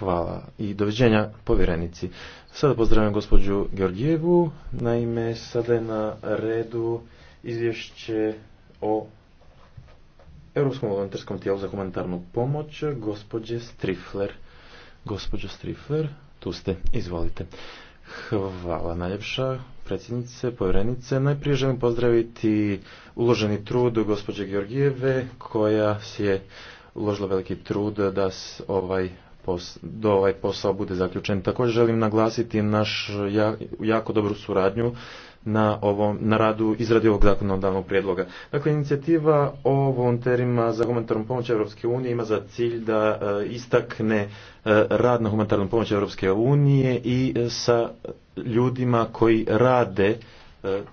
Hvala i doviđenja povjerenici. Sada pozdravljam gospođu Georgijevu. Naime, sada je na redu izvješće o Europskom volonterskom tijelu za humanitarnu pomoć, gospođe Strifler. Gospođo Strifler, tu ste, izvolite. Hvala najljepša predsjednice, povjerenice. Najprije želim pozdraviti uloženi trud gospođe Georgijeve koja si je uložila veliki trud da ovaj do ovaj posao bude zaključen. Također želim naglasiti naš jako dobru suradnju na, ovom, na radu izradi ovog zakonodavnog prijedloga. Dakle, inicijativa o volonterima za humanitarnu pomoć Europske unije ima za cilj da e, istakne e, rad na humanitarnu pomoć Europske unije i e, sa ljudima koji rade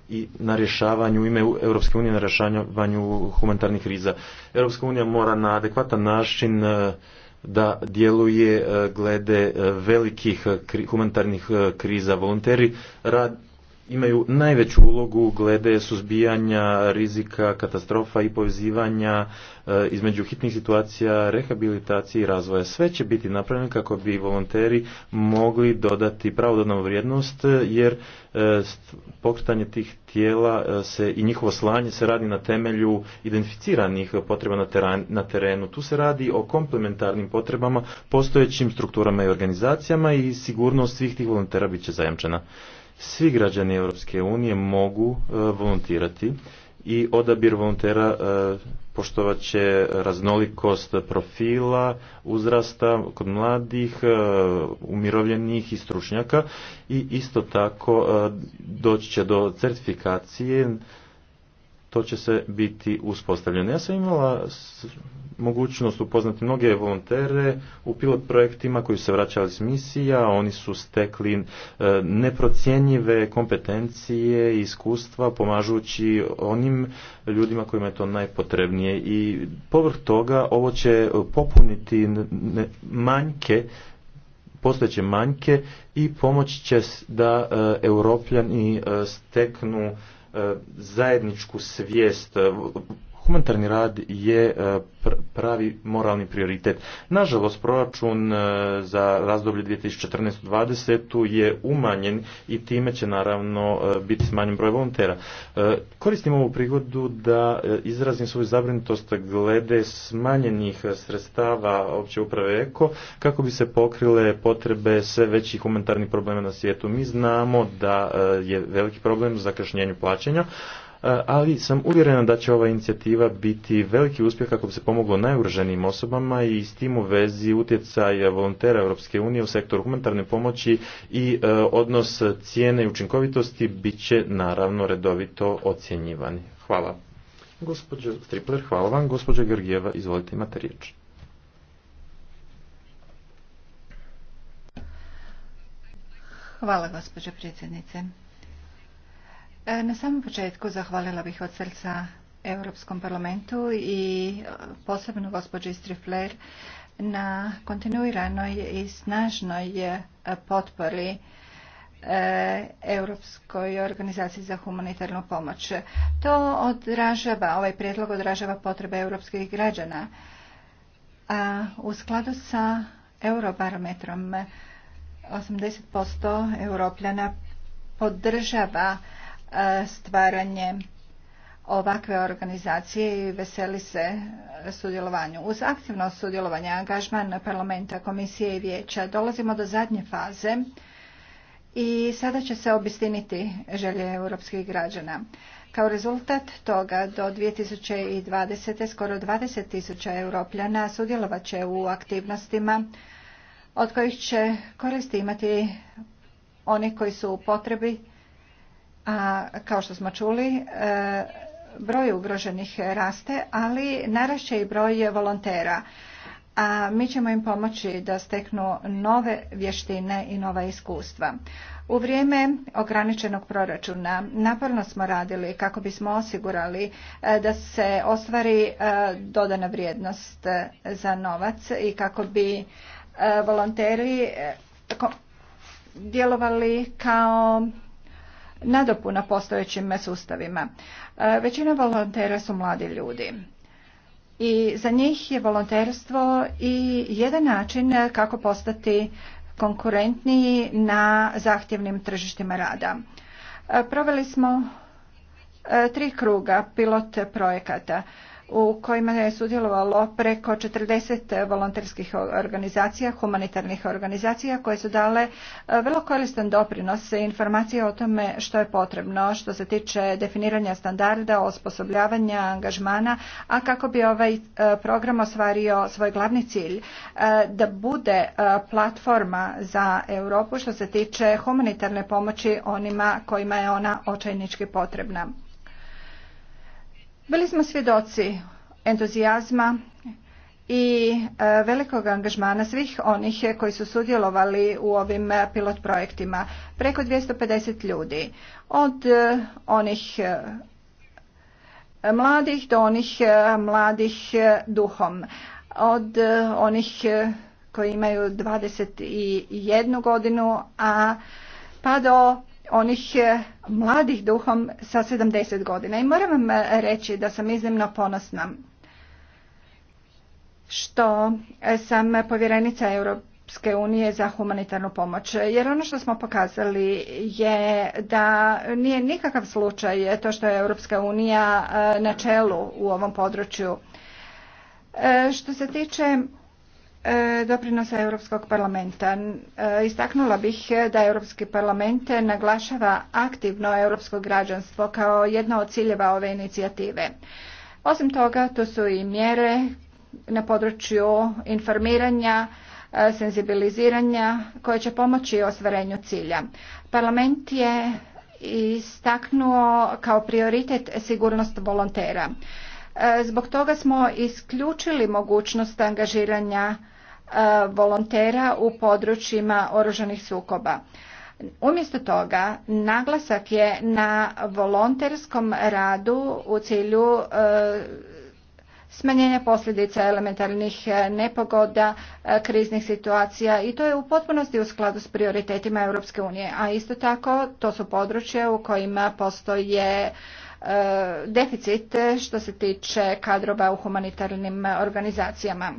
i na rješavanju u ime Europske unije na rješavanju humanitarnih kriza. Europska unija mora na adekvatan način da djeluje e, glede e, velikih e, humanitarnih kriza. Volonteri rad, imaju najveću ulogu glede suzbijanja rizika katastrofa i povezivanja e, između hitnih situacija, rehabilitacije i razvoja. Sve će biti napravljeno kako bi volonteri mogli dodati pravodobnu vrijednost jer e, pokretanje tih tijela e, se i njihovo slanje se radi na temelju identificiranih potreba na, na terenu. Tu se radi o komplementarnim potrebama postojećim strukturama i organizacijama i sigurnost svih tih volontera bit će zajamčena. Svi građani Europske unije mogu e, volontirati i odabir volontera e, poštovat će raznolikost profila, uzrasta kod mladih, e, umirovljenih i stručnjaka i isto tako doći će do certifikacije to će se biti uspostavljeno. Ja sam imala mogućnost upoznati mnoge volontere u pilot projektima koji su se vraćali s misija, oni su stekli e, neprocjenjive kompetencije i iskustva pomažući onim ljudima kojima je to najpotrebnije i povrh toga ovo će popuniti manjke postojeće manjke i pomoć će da e, europljani e, steknu zajedničku svijest Humanitarni rad je e, pravi moralni prioritet. Nažalost, proračun e, za razdoblje 2014-2020 je umanjen i time će naravno e, biti smanjen broj volontera. Koristim ovu prigodu da izrazim svoju zabrinutost glede smanjenih sredstava opće uprave EKO kako bi se pokrile potrebe sve većih humanitarnih problema na svijetu. Mi znamo da je veliki problem za zakašnjenju plaćanja, ali sam uvjerena da će ova inicijativa biti veliki uspjeh kako bi se pomoglo najugroženijim osobama i s tim u vezi utjecaj volontera Europske unije u sektoru humanitarne pomoći i e, odnos cijene i učinkovitosti bit će naravno redovito ocjenjivani. Hvala. Gospođo Stripler, hvala vam. Gospođo Georgijeva, izvolite, imate riječ. Hvala, predsjednice. E, na samom početku zahvalila bih od srca Europskom parlamentu i e, posebno gospođi Strifler na kontinuiranoj i snažnoj e, potpori Europskoj organizaciji za humanitarnu pomoć. To odražava, ovaj prijedlog odražava potrebe europskih građana. A u skladu sa eurobarometrom 80% europljana podržava E, stvaranje ovakve organizacije i veseli se sudjelovanju. Uz aktivno sudjelovanje angažman parlamenta, komisije i vijeća dolazimo do zadnje faze i sada će se obistiniti želje europskih građana. Kao rezultat toga do 2020. skoro 20.000 tisuća europljana sudjelovat će u aktivnostima od kojih će koristi imati oni koji su u potrebi a kao što smo čuli, e, broj ugroženih raste, ali narašće i broj volontera. A mi ćemo im pomoći da steknu nove vještine i nova iskustva. U vrijeme ograničenog proračuna naporno smo radili kako bismo osigurali e, da se ostvari e, dodana vrijednost za novac i kako bi volonteri djelovali kao nadopuna postojećim sustavima. E, većina volontera su mladi ljudi. I za njih je volonterstvo i jedan način kako postati konkurentniji na zahtjevnim tržištima rada. E, proveli smo e, tri kruga pilot projekata u kojima je sudjelovalo preko 40 volonterskih organizacija, humanitarnih organizacija koje su dale e, vrlo koristan doprinos informacije o tome što je potrebno što se tiče definiranja standarda, osposobljavanja, angažmana, a kako bi ovaj e, program ostvario svoj glavni cilj e, da bude platforma za Europu što se tiče humanitarne pomoći onima kojima je ona očajnički potrebna. Bili smo svjedoci entuzijazma i e, velikog angažmana svih onih koji su sudjelovali u ovim e, pilot projektima. Preko 250 ljudi. Od e, onih mladih do onih mladih duhom. Od onih koji imaju 21 godinu, a pa do onih eh, mladih duhom sa 70 godina. I moram vam eh, reći da sam iznimno ponosna što eh, sam povjerenica Europske unije za humanitarnu pomoć. Jer ono što smo pokazali je da nije nikakav slučaj to što je Europska unija na čelu u ovom području. Što se tiče E, doprinosa Europskog parlamenta. E, istaknula bih da Europski parlament naglašava aktivno europsko građanstvo kao jedno od ciljeva ove inicijative. Osim toga, to su i mjere na području informiranja, e, senzibiliziranja koje će pomoći ostvarenju cilja. Parlament je istaknuo kao prioritet sigurnost volontera. Zbog toga smo isključili mogućnost angažiranja E, volontera u područjima oružanih sukoba. Umjesto toga, naglasak je na volonterskom radu u cilju e, smanjenja posljedica elementarnih e, nepogoda, kriznih situacija i to je u potpunosti u skladu s prioritetima Europske unije. A isto tako, to su područje u kojima postoje deficit što se tiče kadrova u humanitarnim organizacijama.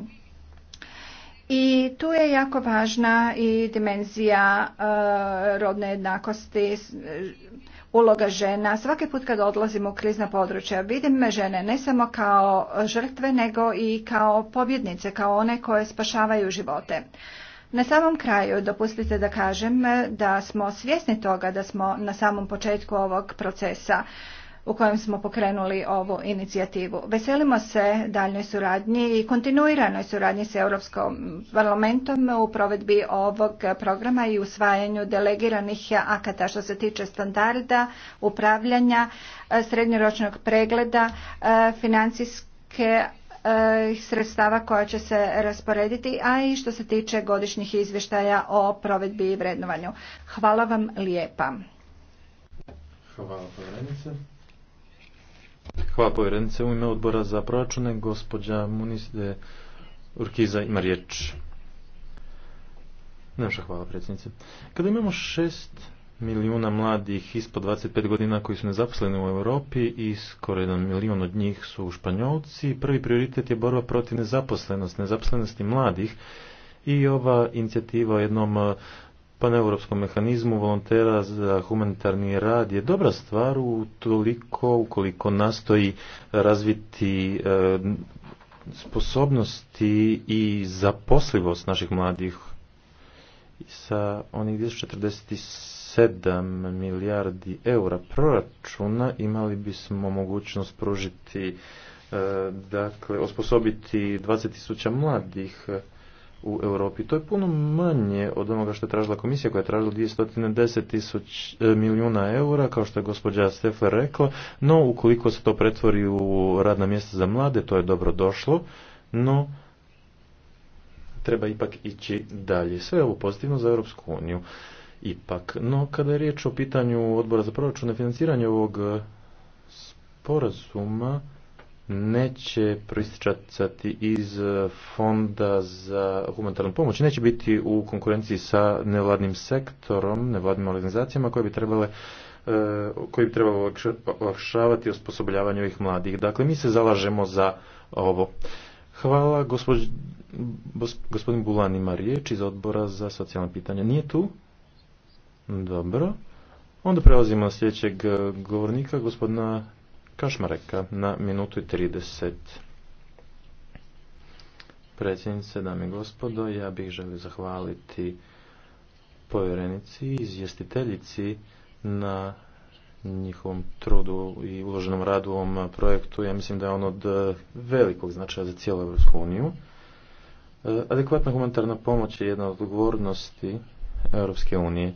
I tu je jako važna i dimenzija e, rodne jednakosti, e, uloga žena. Svaki put kad odlazim u krizna područja vidim žene ne samo kao žrtve nego i kao pobjednice, kao one koje spašavaju živote. Na samom kraju dopustite da kažem da smo svjesni toga da smo na samom početku ovog procesa u kojem smo pokrenuli ovu inicijativu. Veselimo se daljnoj suradnji i kontinuiranoj suradnji s Europskom parlamentom u provedbi ovog programa i usvajanju delegiranih akata što se tiče standarda, upravljanja, e, srednjoročnog pregleda, e, financijske e, sredstava koja će se rasporediti, a i što se tiče godišnjih izvještaja o provedbi i vrednovanju. Hvala vam lijepa. Hvala Hvala povjerenice. U ime odbora za proračune, gospođa de Urkiza ima riječ. Nemoša hvala predsjednice. Kada imamo šest milijuna mladih ispod 25 godina koji su nezaposleni u Europi i skoro jedan milijun od njih su španjolci, prvi prioritet je borba protiv nezaposlenosti, nezaposlenosti mladih i ova inicijativa o jednom paneuropskom mehanizmu volontera za humanitarni rad je dobra stvar u toliko ukoliko nastoji razviti e, sposobnosti i zaposlivost naših mladih sa onih 247 milijardi eura proračuna imali bismo mogućnost pružiti e, dakle osposobiti 20.000 mladih u Europi. To je puno manje od onoga što je tražila komisija koja je tražila 210 e, milijuna eura, kao što je gospođa Stefan rekla, no ukoliko se to pretvori u radna mjesta za mlade, to je dobro došlo, no treba ipak ići dalje. Sve ovo pozitivno za Europsku uniju. Ipak, no kada je riječ o pitanju odbora za proračun i financiranje ovog e, sporazuma, neće proističati iz e, fonda za humanitarnu pomoć, neće biti u konkurenciji sa nevladnim sektorom, nevladnim organizacijama koje bi trebale e, koji bi trebalo olakšavati osposobljavanje ovih mladih. Dakle, mi se zalažemo za ovo. Hvala, gospodin Bulan ima riječ iz odbora za socijalne pitanja. Nije tu? Dobro. Onda prelazimo na sljedećeg e, govornika, gospodina Kašmareka na minutu i 30. Predsjednice, dame i gospodo, ja bih želio zahvaliti povjerenici i izvjestiteljici na njihovom trudu i uloženom radu u ovom projektu. Ja mislim da je on od velikog značaja za cijelu EU. uniju. Adekvatna humanitarna pomoć je jedna od odgovornosti Europske unije.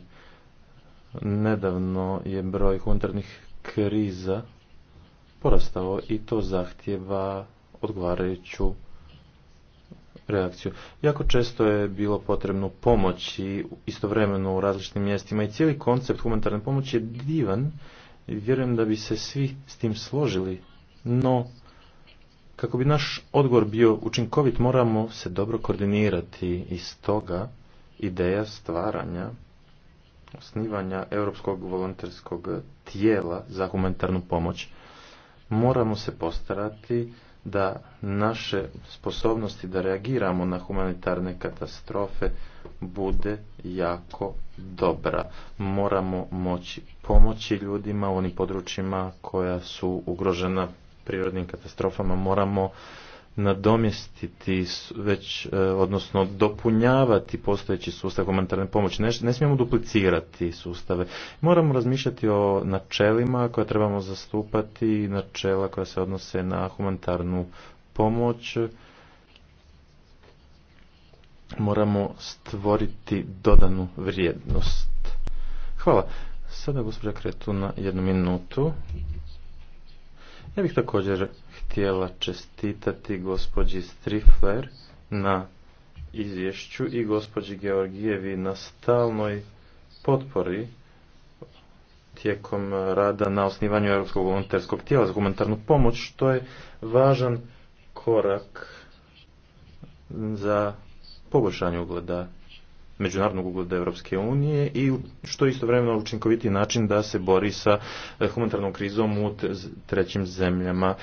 Nedavno je broj humanitarnih kriza porastao i to zahtjeva odgovarajuću reakciju. Jako često je bilo potrebno pomoći istovremeno u različitim mjestima i cijeli koncept humanitarne pomoći je divan i vjerujem da bi se svi s tim složili, no kako bi naš odgovor bio učinkovit moramo se dobro koordinirati i stoga ideja stvaranja osnivanja europskog volonterskog tijela za humanitarnu pomoć moramo se postarati da naše sposobnosti da reagiramo na humanitarne katastrofe bude jako dobra. Moramo moći pomoći ljudima u onim područjima koja su ugrožena prirodnim katastrofama. Moramo nadomjestiti već, e, odnosno dopunjavati postojeći sustav humanitarne pomoći. Ne, smijemo duplicirati sustave. Moramo razmišljati o načelima koja trebamo zastupati i načela koja se odnose na humanitarnu pomoć. Moramo stvoriti dodanu vrijednost. Hvala. Sada gospođa Kretu na jednu minutu. Ja bih također htjela čestitati gospođi Strifler na izvješću i gospođi Georgijevi na stalnoj potpori tijekom rada na osnivanju Europskog volonterskog tijela za humanitarnu pomoć, što je važan korak za poboljšanje ugleda međunarodnog ugleda Europske unije i što istovremeno učinkoviti način da se bori sa e, humanitarnom krizom u trećim zemljama.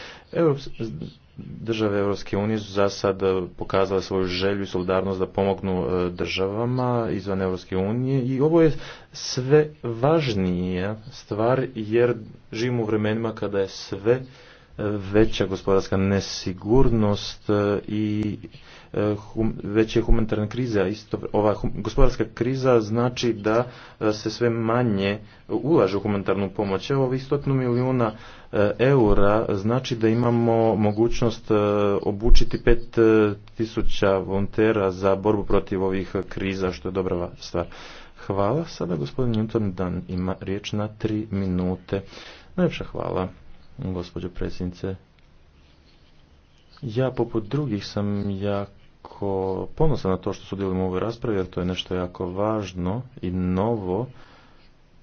države Europske unije su za sad e, pokazale svoju želju i solidarnost da pomognu e, državama izvan Europske unije i ovo je sve važnija stvar jer živimo u vremenima kada je sve veća gospodarska nesigurnost e, i e, hum, veća humanitarna kriza. Isto, ova gospodarska kriza znači da e, se sve manje ulaže u humanitarnu pomoć. Evo ovih milijuna eura znači da imamo mogućnost obučiti pet tisuća volontera za borbu protiv ovih kriza, što je dobra stvar. Hvala. Sada gospodin Newton Dan ima riječ na tri minute. Najljepša hvala gospođo predsjednice. Ja poput drugih sam jako ponosan na to što sudjelujem u ovoj raspravi, jer to je nešto jako važno i novo.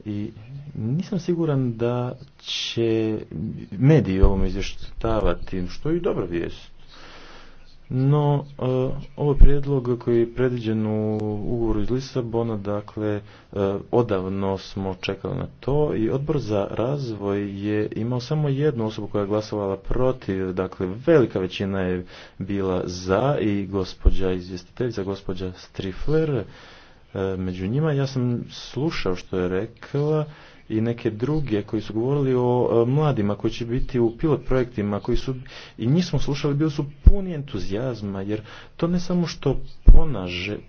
I nisam siguran da će mediji ovom izvještavati, što je i dobra vijest. No, e, ovo prijedlog koji je predviđen u ugovoru iz Lisabona, dakle, e, odavno smo čekali na to i odbor za razvoj je imao samo jednu osobu koja je glasovala protiv, dakle, velika većina je bila za i gospođa izvjestiteljica, gospođa Strifler, e, među njima ja sam slušao što je rekla i neke druge koji su govorili o e, mladima koji će biti u pilot projektima koji su i njih smo slušali bili su puni entuzijazma jer to ne samo što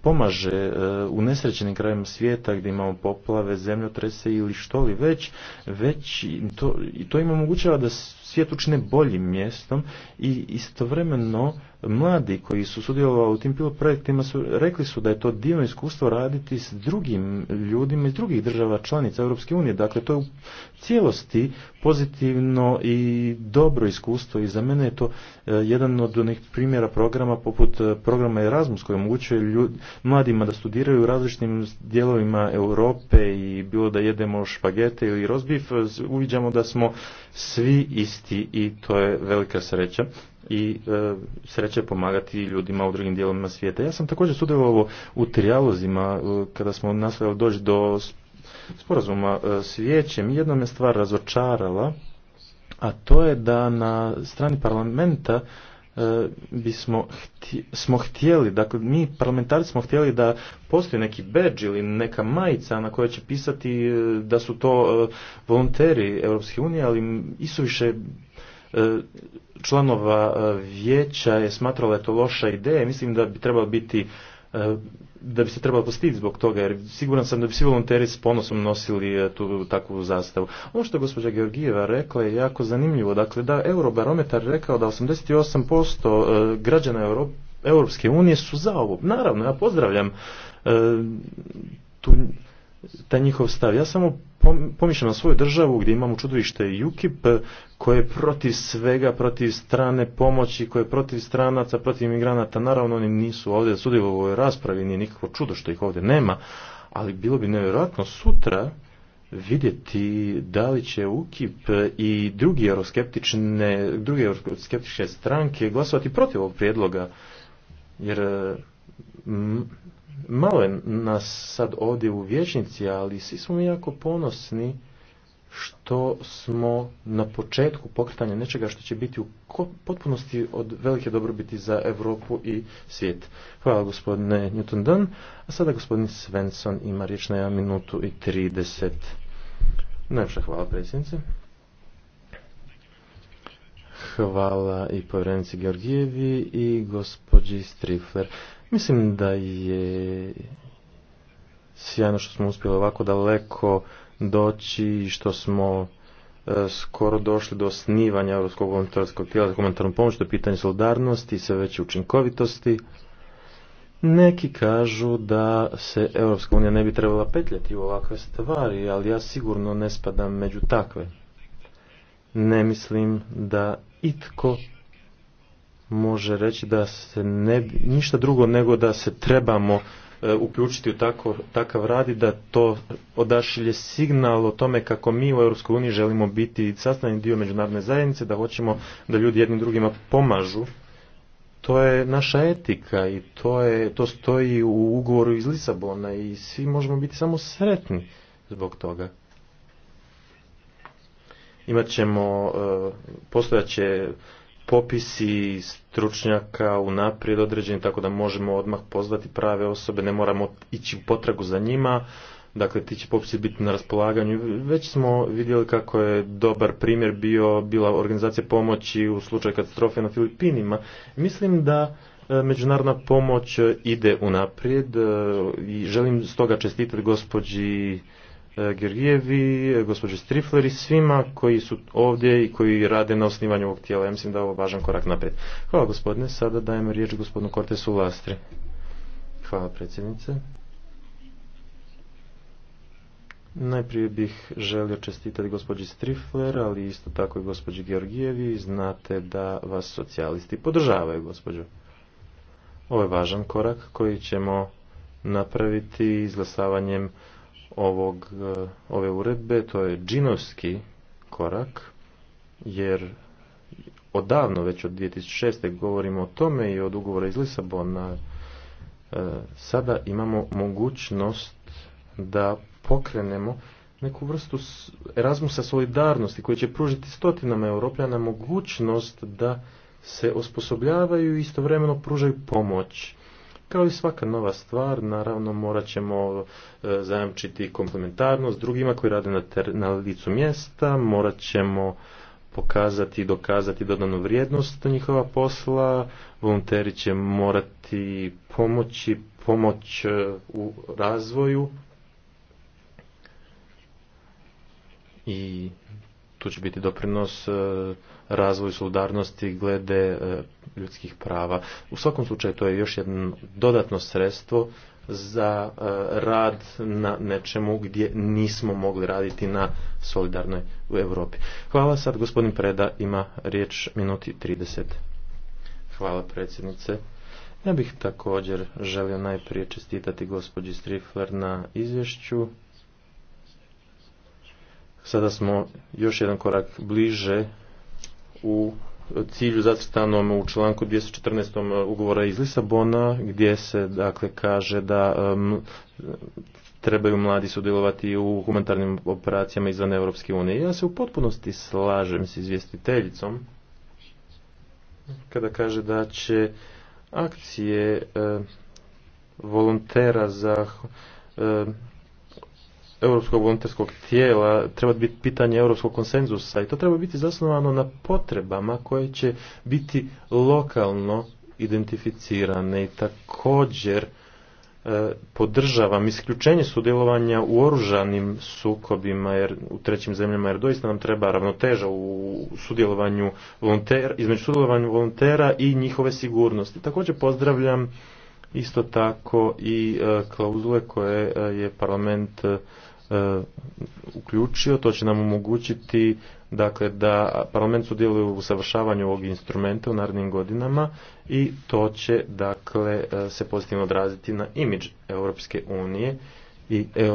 pomaže e, u nesrećenim krajem svijeta gdje imamo poplave, zemljotrese ili što li već, već to, i to im omogućava da svijet učine boljim mjestom i istovremeno mladi koji su sudjelovali u tim pilot projektima su, rekli su da je to divno iskustvo raditi s drugim ljudima iz drugih država članica Europske unije. Dakle, to je u cijelosti pozitivno i dobro iskustvo i za mene je to e, jedan od onih primjera programa poput e, programa Erasmus koji omogućuje mladima da studiraju u različitim dijelovima Europe i bilo da jedemo špagete ili rozbif, e, uviđamo da smo svi isti i to je velika sreća i e, sreće pomagati ljudima u drugim dijelovima svijeta. Ja sam također sudjelovao u trijalozima e, kada smo nastavili doći do sporazuma e, s vijećem. Jedna me stvar razočarala, a to je da na strani parlamenta e, bismo htjeli, smo htjeli, dakle mi parlamentari smo htjeli da postoji neki badge ili neka majica na kojoj će pisati da su to volonteri Europske unije, ali isuviše E, članova e, vijeća je smatrala je to loša ideja. Mislim da bi trebalo biti e, da bi se trebalo postiti zbog toga, jer siguran sam da bi svi volonteri s ponosom nosili tu takvu zastavu. Ono što je gospođa Georgijeva rekla je jako zanimljivo. Dakle, da Eurobarometar rekao da 88% građana Europske unije su za ovo. Naravno, ja pozdravljam tu, taj njihov stav. Ja samo pomišljam na svoju državu gdje imamo čudovište UKIP koje je protiv svega, protiv strane pomoći, koje je protiv stranaca, protiv imigranata. Naravno oni nisu ovdje sudjelovali u ovoj raspravi, nije nikakvo čudo što ih ovdje nema, ali bilo bi nevjerojatno sutra vidjeti da li će UKIP i drugi euroskeptične, druge euroskeptične stranke glasovati protiv ovog prijedloga, jer mm, Malo je nas sad ovdje u vječnici, ali svi smo mi jako ponosni što smo na početku pokretanja nečega što će biti u potpunosti od velike dobrobiti za Europu i svijet. Hvala gospodine Newton Dunn. A sada gospodin Svensson ima riječ na minutu i 30. Najviše hvala predsjednice. Hvala i povjerenici Georgijevi i gospođi Strifler. Mislim da je sjajno što smo uspjeli ovako daleko doći i što smo e, skoro došli do osnivanja Europskog volontarskog tijela za humanitarnu pomoć, do pitanja solidarnosti i sve veće učinkovitosti. Neki kažu da se Europska unija ne bi trebala petljati u ovakve stvari, ali ja sigurno ne spadam među takve. Ne mislim da itko može reći da se ne, ništa drugo nego da se trebamo e, uključiti u tako, takav rad i da to odašilje signal o tome kako mi u EU želimo biti sastavni dio međunarodne zajednice, da hoćemo da ljudi jednim drugima pomažu. To je naša etika i to, je, to stoji u ugovoru iz Lisabona i svi možemo biti samo sretni zbog toga. Imat ćemo, e, postojat će popisi stručnjaka unaprijed određeni tako da možemo odmah pozvati prave osobe, ne moramo ići u potragu za njima. Dakle, ti će popisi biti na raspolaganju. Već smo vidjeli kako je dobar primjer bio, bila organizacija pomoći u slučaju katastrofe na Filipinima. Mislim da e, međunarodna pomoć ide unaprijed e, i želim stoga čestitati gospođi E, Gergijevi, e, gospođe Strifler i svima koji su ovdje i koji rade na osnivanju ovog tijela. Ja mislim da je ovo važan korak naprijed. Hvala gospodine. Sada dajem riječ gospodinu Kortesu Lastri. Hvala predsjednice. Najprije bih želio čestitati gospođi Strifler, ali isto tako i gospođi Georgijevi. Znate da vas socijalisti podržavaju, gospođo. Ovo je važan korak koji ćemo napraviti izglasavanjem ovog, e, ove uredbe, to je džinovski korak, jer odavno, već od 2006. govorimo o tome i od ugovora iz Lisabona, e, sada imamo mogućnost da pokrenemo neku vrstu Erasmusa solidarnosti koji će pružiti stotinama europljana mogućnost da se osposobljavaju i istovremeno pružaju pomoć kao i svaka nova stvar, naravno morat ćemo e, zajamčiti komplementarnost drugima koji rade na, ter, na licu mjesta, morat ćemo pokazati i dokazati dodanu vrijednost njihova posla, volonteri će morati pomoći, pomoć e, u razvoju i tu će biti doprinos e, razvoju solidarnosti glede e, ljudskih prava. U svakom slučaju to je još jedno dodatno sredstvo za e, rad na nečemu gdje nismo mogli raditi na solidarnoj u Europi. Hvala sad gospodin Preda ima riječ minuti 30. Hvala predsjednice. Ja bih također želio najprije čestitati gospođi Strifler na izvješću. Sada smo još jedan korak bliže u cilju zacrtanom u članku 214. ugovora iz Lisabona gdje se dakle kaže da trebaju mladi sudjelovati u humanitarnim operacijama izvan Europske unije. Ja se u potpunosti slažem s izvjestiteljicom kada kaže da će akcije volontera za europskog volonterskog tijela treba biti pitanje europskog konsenzusa i to treba biti zasnovano na potrebama koje će biti lokalno identificirane i također e, podržavam isključenje sudjelovanja u oružanim sukobima jer u trećim zemljama jer doista nam treba ravnoteža u sudjelovanju volontera, između sudjelovanja volontera i njihove sigurnosti. Također pozdravljam isto tako i e, klauzule koje e, je parlament E, uključio, to će nam omogućiti dakle, da parlament sudjeluje u usavršavanju ovog instrumenta u narednim godinama i to će dakle, e, se pozitivno odraziti na imidž Europske unije i e,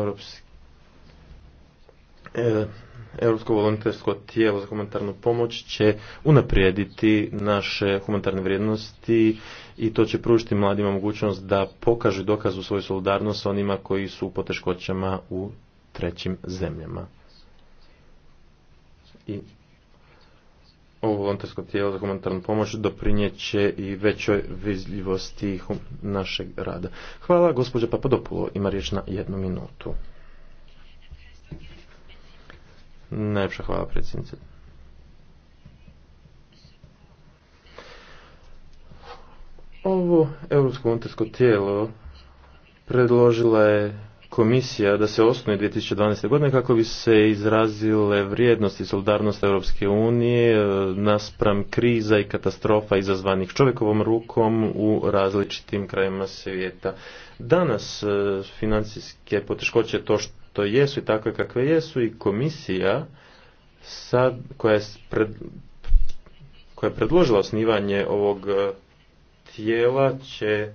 Europsko volontersko tijelo za humanitarnu pomoć će unaprijediti naše humanitarne vrijednosti i to će pružiti mladima mogućnost da pokažu dokazu svoju solidarnost onima koji su u poteškoćama u trećim zemljama. I ovo volontersko tijelo za humanitarnu pomoć doprinjeće i većoj vidljivosti našeg rada. Hvala, gospođa Papadopulo ima riječ na jednu minutu. Najljepša hvala predsjednice. Ovo Europsko volontersko tijelo predložila je komisija da se osnuje 2012. godine kako bi se izrazile vrijednosti i solidarnost Europske unije e, naspram kriza i katastrofa izazvanih čovjekovom rukom u različitim krajima svijeta. Danas e, financijske poteškoće to što jesu i takve kakve jesu i komisija sad, koja, je pred, koja je predložila osnivanje ovog e, tijela će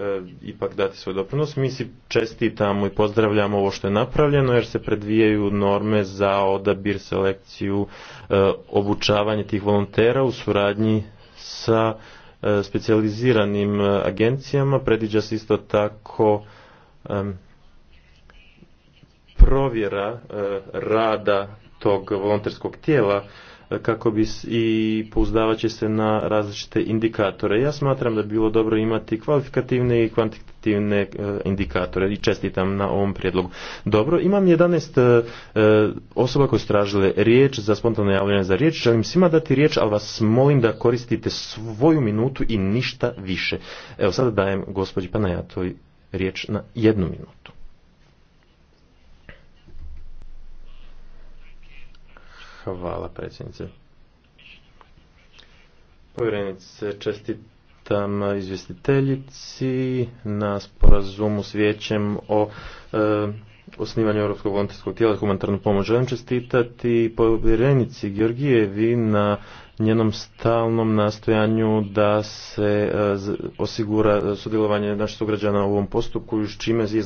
E, ipak dati svoj doprinos. Mi si čestitamo i pozdravljamo ovo što je napravljeno jer se predvijaju norme za odabir, selekciju, e, obučavanje tih volontera u suradnji sa e, specijaliziranim agencijama. Predviđa se isto tako provjera rada tog volonterskog tijela kako bi i pouzdavat se na različite indikatore. Ja smatram da bi bilo dobro imati kvalifikativne i kvantitativne e, indikatore i čestitam na ovom prijedlogu. Dobro, imam 11 e, e, osoba koje su tražile riječ za spontano javljanje za riječ. Želim svima dati riječ, ali vas molim da koristite svoju minutu i ništa više. Evo sada dajem gospođi Panajatovi riječ na jednu minutu. Hvala predsjednice. Povjerenice, čestitam izvjestiteljici na sporazumu s vijećem o e, osnivanju Europskog volontarskog tijela humanitarnu pomoć. Želim čestitati povjerenici Georgijevi na njenom stalnom nastojanju da se e, osigura sudjelovanje naših sugrađana u ovom postupku i s čime je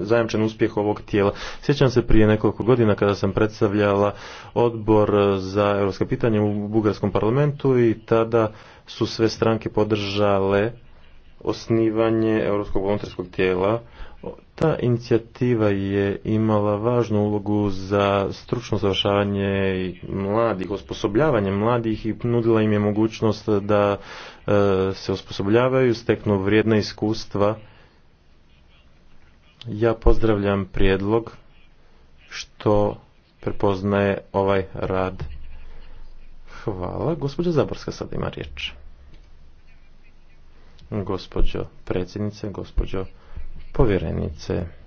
zajamčen uspjeh ovog tijela. Sjećam se prije nekoliko godina kada sam predstavljala odbor za europska pitanja u Bugarskom parlamentu i tada su sve stranke podržale osnivanje Europskog volonterskog tijela ta inicijativa je imala važnu ulogu za stručno završavanje mladih, osposobljavanje mladih i nudila im je mogućnost da e, se osposobljavaju, steknu vrijedna iskustva. Ja pozdravljam prijedlog što prepoznaje ovaj rad. Hvala. Gospođa Zaborska sad ima riječ. Gospođo predsjednice, gospođo povjerenice.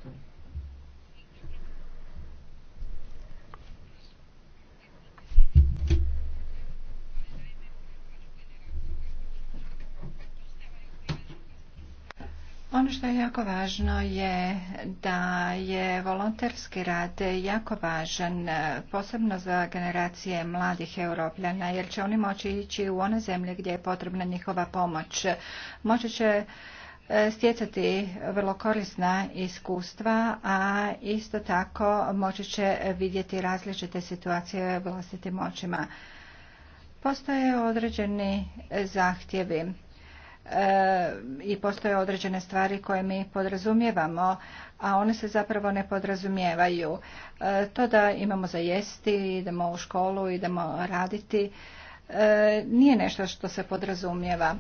Ono što je jako važno je da je volonterski rad jako važan, posebno za generacije mladih europljana, jer će oni moći ići u one zemlje gdje je potrebna njihova pomoć. Moći će E, stjecati vrlo korisna iskustva, a isto tako moći će vidjeti različite situacije vlastitim očima. Postoje određeni zahtjevi e, i postoje određene stvari koje mi podrazumijevamo, a one se zapravo ne podrazumijevaju. E, to da imamo za jesti, idemo u školu, idemo raditi, nije nešto što se podrazumijeva.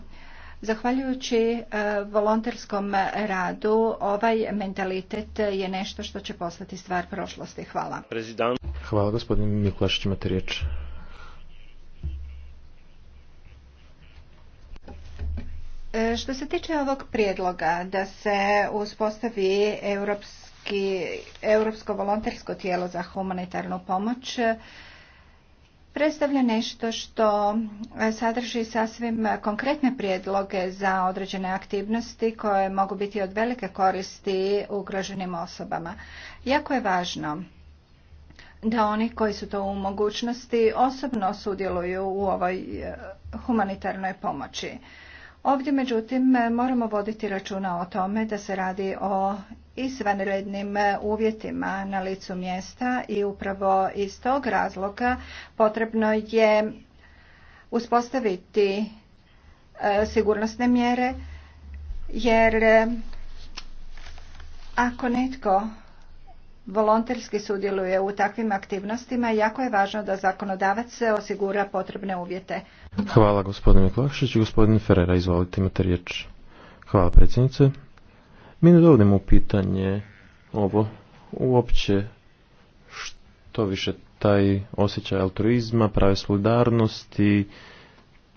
Zahvaljujući e, volonterskom radu, ovaj mentalitet je nešto što će postati stvar prošlosti. Hvala. Hvala gospodin imate riječ. E, što se tiče ovog prijedloga da se uspostavi europsko volontersko tijelo za humanitarnu pomoć, predstavlja nešto što e, sadrži sasvim konkretne prijedloge za određene aktivnosti koje mogu biti od velike koristi ugroženim osobama. Jako je važno da oni koji su to u mogućnosti osobno sudjeluju u ovoj e, humanitarnoj pomoći. Ovdje međutim moramo voditi računa o tome da se radi o izvanrednim eh, uvjetima na licu mjesta i upravo iz tog razloga potrebno je uspostaviti eh, sigurnosne mjere jer eh, ako netko volonterski sudjeluje u takvim aktivnostima, jako je važno da zakonodavac osigura potrebne uvjete. Hvala gospodine Klakšić i gospodine Ferrera, izvolite imate riječ. Hvala predsjednice. Mi ne dovodimo u pitanje ovo uopće što više taj osjećaj altruizma, prave solidarnosti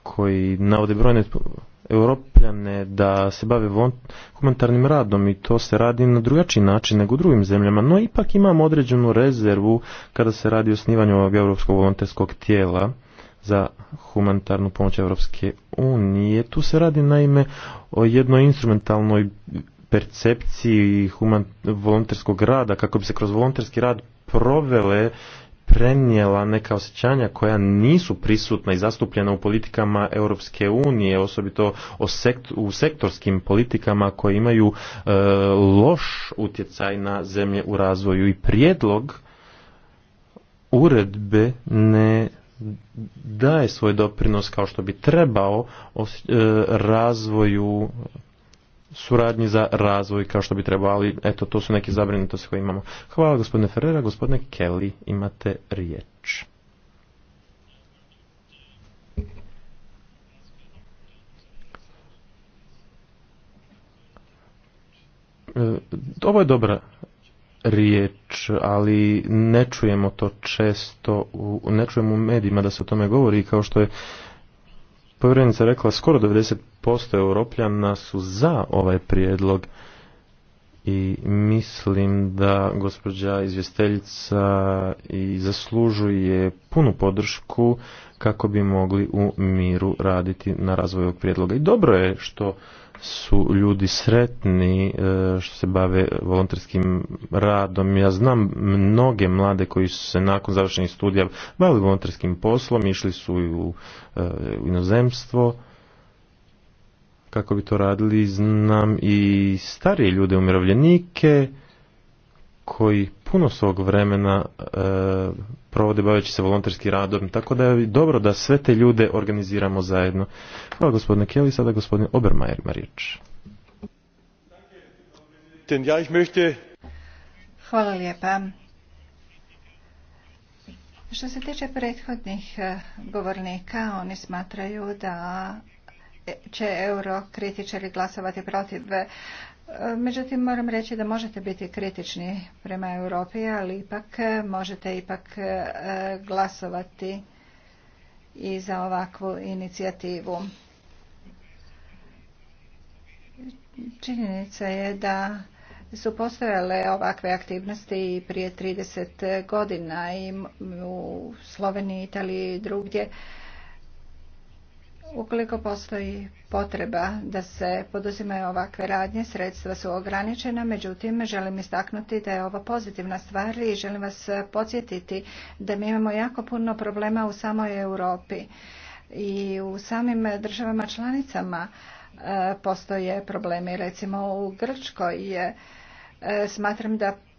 koji navode brojne europljane da se bave humanitarnim radom i to se radi na drugačiji način nego u drugim zemljama, no ipak imamo određenu rezervu kada se radi o osnivanju ovog europskog volonterskog tijela za humanitarnu pomoć Europske unije. Tu se radi naime o jednoj instrumentalnoj percepciji human, volonterskog rada, kako bi se kroz volonterski rad provele prenijela neka osjećanja koja nisu prisutna i zastupljena u politikama Europske unije, osobito u sektorskim politikama koje imaju e, loš utjecaj na zemlje u razvoju i prijedlog uredbe ne daje svoj doprinos kao što bi trebao e, razvoju suradnji za razvoj kao što bi trebali. Eto, to su neke zabrinutosti koje imamo. Hvala gospodine Ferrera, gospodine Kelly, imate riječ. E, ovo je dobra riječ, ali ne čujemo to često, ne čujemo u medijima da se o tome govori, kao što je povjerenica rekla, skoro 90% europljana su za ovaj prijedlog i mislim da gospođa izvjesteljica i zaslužuje punu podršku kako bi mogli u miru raditi na razvoju ovog prijedloga. I dobro je što su ljudi sretni e, što se bave volonterskim radom. Ja znam mnoge mlade koji su se nakon završenih studija bavili volonterskim poslom, išli su i u, e, u inozemstvo kako bi to radili. Znam i starije ljude, umirovljenike, koji puno svog vremena e, provode baveći se volonterskim radom, tako da je dobro da sve te ljude organiziramo zajedno. Hvala gospodine Kelly, sada gospodin Obermajer ima Hvala lijepa. Što se tiče prethodnih e, govornika, oni smatraju da će eurokritičari glasovati protiv e, Međutim, moram reći da možete biti kritični prema Europi, ali ipak e, možete ipak e, glasovati i za ovakvu inicijativu. Činjenica je da su postojale ovakve aktivnosti i prije 30 godina i u Sloveniji, Italiji i drugdje Ukoliko postoji potreba da se poduzimaju ovakve radnje, sredstva su ograničena, međutim želim istaknuti da je ovo pozitivna stvar i želim vas podsjetiti da mi imamo jako puno problema u samoj Europi i u samim državama članicama e, postoje problemi. Recimo u Grčkoj je smatram da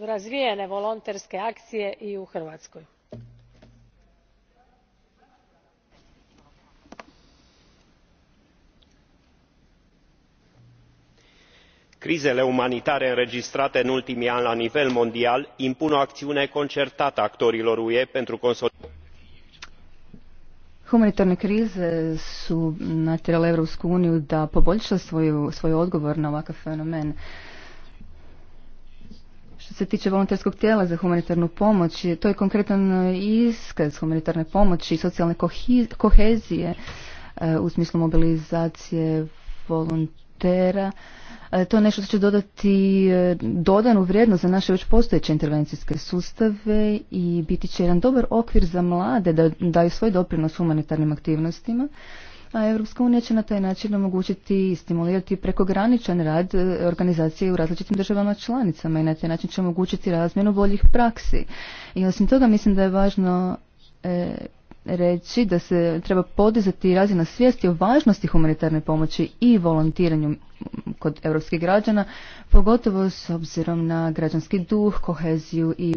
razvijene volonterske akcije i u hrvatskoj. Krizele umanitare înregistrate în ultimii ani la nivel mondial impun o acțiune concertată a actorilor ue pentru consolidarea Humanitarne krize su natjerale Europsku uniju da poboljša svoju, svoj odgovor na ovakav fenomen. Što se tiče volonterskog tijela za humanitarnu pomoć, to je konkretan e, iskaz humanitarne pomoći i socijalne kohezije e, u smislu mobilizacije volontera. E, to je nešto što će dodati dodanu vrijednost za naše već postojeće intervencijske sustave i biti će jedan dobar okvir za mlade da daju svoj doprinos humanitarnim aktivnostima a Evropska unija će na taj način omogućiti i stimulirati prekograničan rad e, organizacije u različitim državama članicama i na taj način će omogućiti razmjenu boljih praksi. I osim toga mislim da je važno e, reći da se treba podizati razina svijesti o važnosti humanitarne pomoći i volontiranju kod europskih građana, pogotovo s obzirom na građanski duh, koheziju i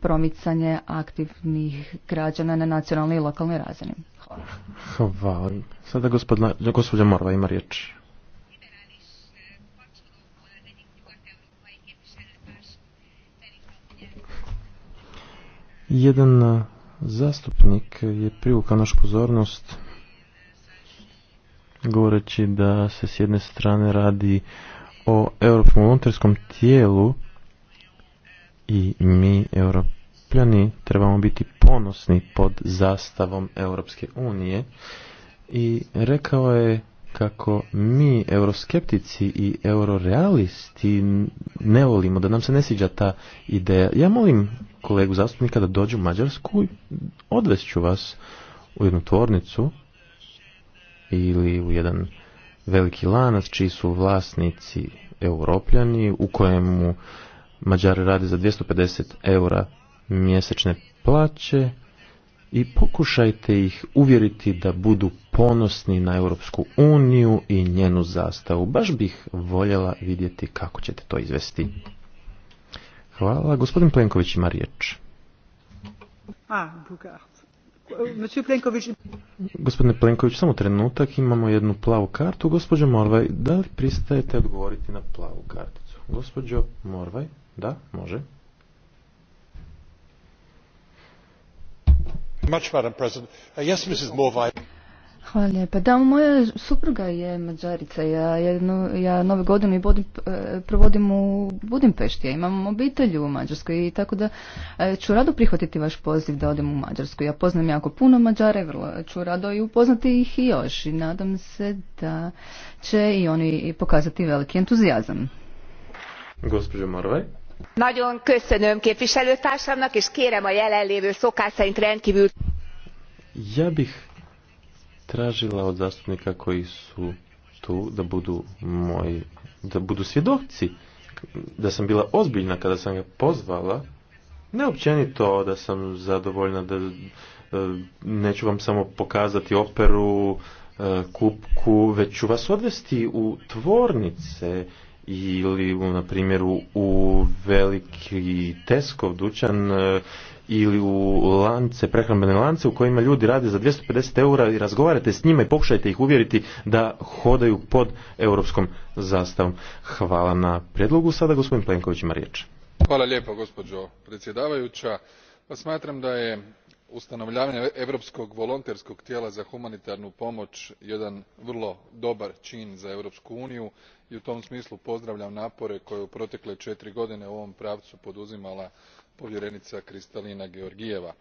promicanje aktivnih građana na nacionalnoj i lokalnoj razini. Hvala. Sada gospodina, gospođa Morva ima riječ. Jedan zastupnik je privukao našu pozornost govoreći da se s jedne strane radi o europskom tijelu i mi, Europ, europljani trebamo biti ponosni pod zastavom Europske unije i rekao je kako mi euroskeptici i eurorealisti ne volimo, da nam se ne siđa ta ideja. Ja molim kolegu zastupnika da dođu u Mađarsku i ću vas u jednu tvornicu ili u jedan veliki lanac čiji su vlasnici europljani u kojemu Mađari radi za 250 eura mjesečne plaće i pokušajte ih uvjeriti da budu ponosni na Europsku uniju i njenu zastavu. Baš bih voljela vidjeti kako ćete to izvesti. Hvala. Gospodin Plenković ima riječ. A, Plenković... Gospodine Plenković, samo trenutak, imamo jednu plavu kartu. Gospodin Morvaj, da li pristajete odgovoriti na plavu karticu? Gospođo Morvaj, da, može. Uh, Hvala lijepa. Da, moja supruga je mađarica. Ja, ja nove godine i e, provodim u Budimpešti. Ja imam obitelj u Mađarskoj i tako da e, ću rado prihvatiti vaš poziv da odem u Mađarsku. Ja poznam jako puno Mađare, vrlo ću rado i upoznati ih i još. I nadam se da će i oni pokazati veliki entuzijazam nagyon köszönöm képviselőtársamnak és kérem a jelenlévő szokás rendkívül. ja bih tražila od zastupnika koji su tu da budu moji da budu svjedoci da sam bila ozbiljna kada sam ga pozvala ne općenito da sam zadovoljna da e, neću vam samo pokazati operu e, kupku već ću vas odvesti u tvornice ili na primjeru, u veliki Teskov dućan e, ili u lance, prehrambene lance u kojima ljudi rade za 250 eura i razgovarate s njima i pokušajte ih uvjeriti da hodaju pod europskom zastavom. Hvala na predlogu. Sada gospodin Plenković ima riječ. Hvala lijepo gospođo predsjedavajuća. Pa smatram da je ustanovljavanje europskog volonterskog tijela za humanitarnu pomo jedan vrlo dobar čin za europsku uniju i u tom smislu pozdravljam napore koje je u protekle četiri godine u ovom pravcu poduzimala povjerenica kristalina georgieva.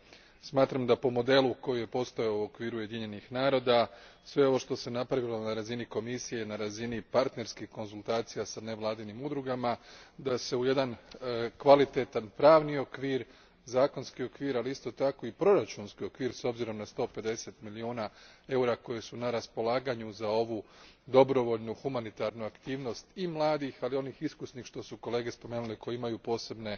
smatram da po modelu koji je postojao u okviru ujedinjenih naroda sve ovo to se napravilo na razini komisije na razini partnerskih konzultacija s nevladinim udrugama da se u jedan e, kvalitetan pravni okvir zakonski okvir ali isto tako i proraunski okvir s obzirom na one hundred fifty milijuna eura koji su na raspolaganju za ovu dobrovoljnu humanitarnu aktivnost i mladih ali i onih iskusnih to su kolege spomenuli koji imaju posebne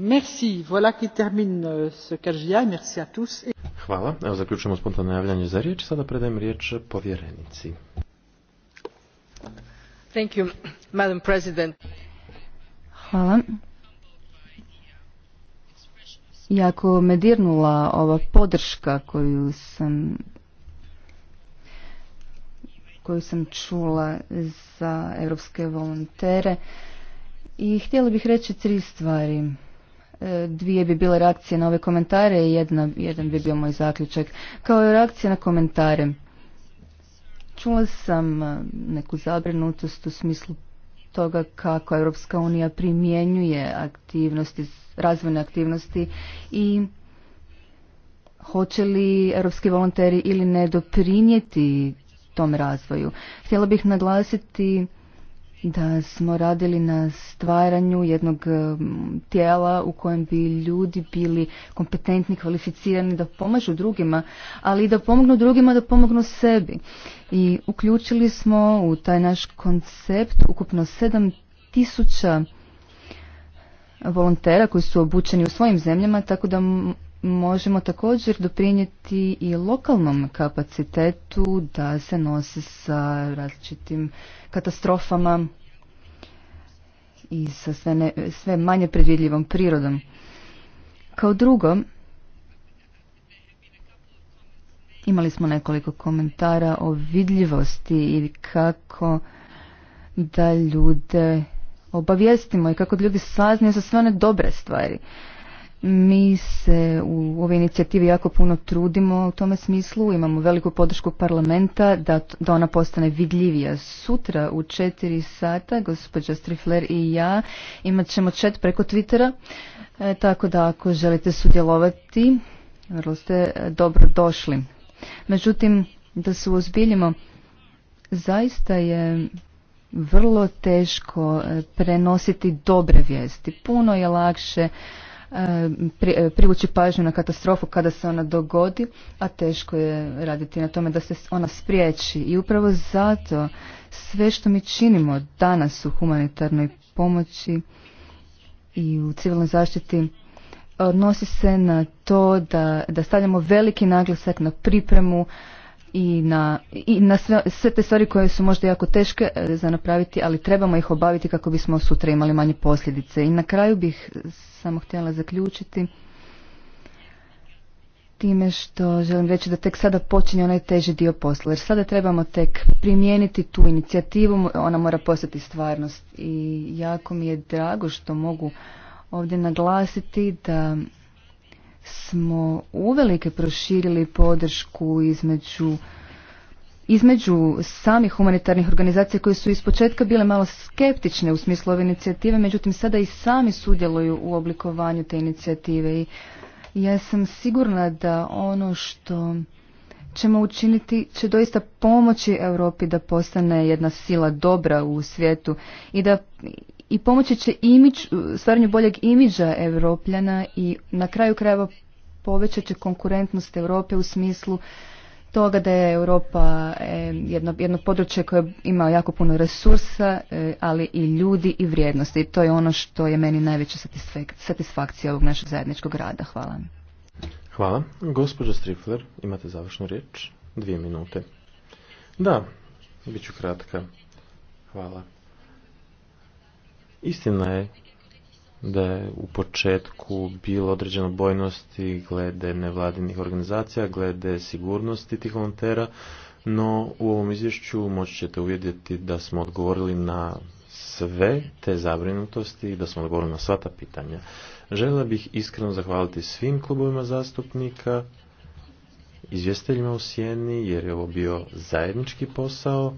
Euh, Hvala. Evo zaključujemo spontano javljanje za riječ. Sada predajem riječ povjerenici. Thank you, Madam President. Hvala. Jako me dirnula ova podrška koju sam koju sam čula za europske volontere i htjela bih reći tri stvari. E, dvije bi bile reakcije na ove komentare i jedna, jedan bi bio moj zaključak. Kao i reakcija na komentare. Čula sam e, neku zabrinutost u smislu toga kako Europska unija primjenjuje aktivnosti, razvojne aktivnosti i hoće li europski volonteri ili ne doprinijeti tom razvoju. Htjela bih naglasiti da smo radili na stvaranju jednog eh, tijela u kojem bi ljudi bili kompetentni, kvalificirani da pomažu drugima, ali i da pomognu drugima da pomognu sebi. I uključili smo u taj naš koncept ukupno 7000 volontera koji su obučeni u svojim zemljama, tako da možemo također doprinijeti i lokalnom kapacitetu da se nosi sa različitim katastrofama i sa sve, ne, sve manje predvidljivom prirodom. Kao drugo, imali smo nekoliko komentara o vidljivosti i kako da ljude obavijestimo i kako da ljudi saznaju za sve one dobre stvari. Mi se u ovoj inicijativi jako puno trudimo u tome smislu, imamo veliku podršku parlamenta da, da ona postane vidljivija. Sutra u četiri sata gospođa Strifler i ja imat ćemo chat preko Twittera, e, tako da ako želite sudjelovati, vrlo ste e, dobro došli. Međutim, da se uozbiljimo, zaista je vrlo teško e, prenositi dobre vijesti. Puno je lakše E, privući pažnju na katastrofu kada se ona dogodi, a teško je raditi na tome da se ona spriječi. I upravo zato sve što mi činimo danas u humanitarnoj pomoći i u civilnoj zaštiti odnosi se na to da, da stavljamo veliki naglasak na pripremu i na, i na sve, sve te stvari koje su možda jako teške e, za napraviti, ali trebamo ih obaviti kako bismo sutra imali manje posljedice. I na kraju bih samo htjela zaključiti time što želim reći da tek sada počinje onaj teži dio posla. Jer sada trebamo tek primijeniti tu inicijativu, ona mora postati stvarnost. I jako mi je drago što mogu ovdje naglasiti da smo uvelike proširili podršku između između samih humanitarnih organizacija koje su ispočetka bile malo skeptične u smislu ove inicijative, međutim sada i sami sudjeluju u oblikovanju te inicijative i ja sam sigurna da ono što ćemo učiniti će doista pomoći Europi da postane jedna sila dobra u svijetu i da i pomoći će imidž, stvaranju boljeg imidža Evropljana i na kraju krajeva povećat će konkurentnost Europe u smislu toga da je Europa e, jedno, jedno područje koje ima jako puno resursa, e, ali i ljudi i vrijednosti. I to je ono što je meni najveća satisfakcija ovog našeg zajedničkog rada. Hvala. Hvala. Gospođo Strifler, imate završnu riječ. Dvije minute. Da, bit ću kratka. Hvala Istina je da je u početku bilo određeno bojnosti glede nevladinih organizacija, glede sigurnosti tih volontera, no u ovom izvješću moći ćete uvidjeti da smo odgovorili na sve te zabrinutosti i da smo odgovorili na sva ta pitanja. Želila bih iskreno zahvaliti svim klubovima zastupnika, izvjestiteljima u Sjeni, jer je ovo bio zajednički posao,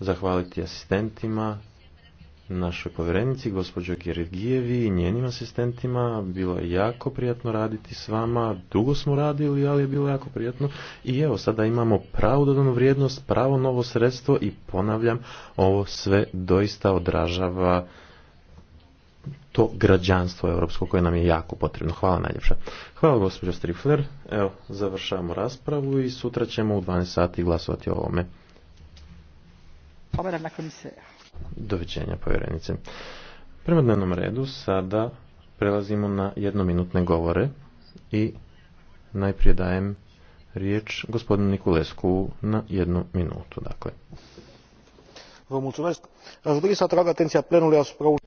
zahvaliti asistentima našoj povjerenici, gospođo Gergijevi i njenim asistentima. Bilo je jako prijatno raditi s vama. Dugo smo radili, ali je bilo jako prijatno. I evo, sada imamo pravu dodanu vrijednost, pravo novo sredstvo i ponavljam, ovo sve doista odražava to građanstvo europsko koje nam je jako potrebno. Hvala najljepša. Hvala gospođo Strifler. Evo, završavamo raspravu i sutra ćemo u 12 sati glasovati o ovome. Hvala Doviđenja, povjerenice. Prema dnevnom redu sada prelazimo na jednominutne govore i najprije dajem riječ gospodinu Nikulesku na jednu minutu. Dakle. Vă mulțumesc. Aș să atrag atenția plenului asupra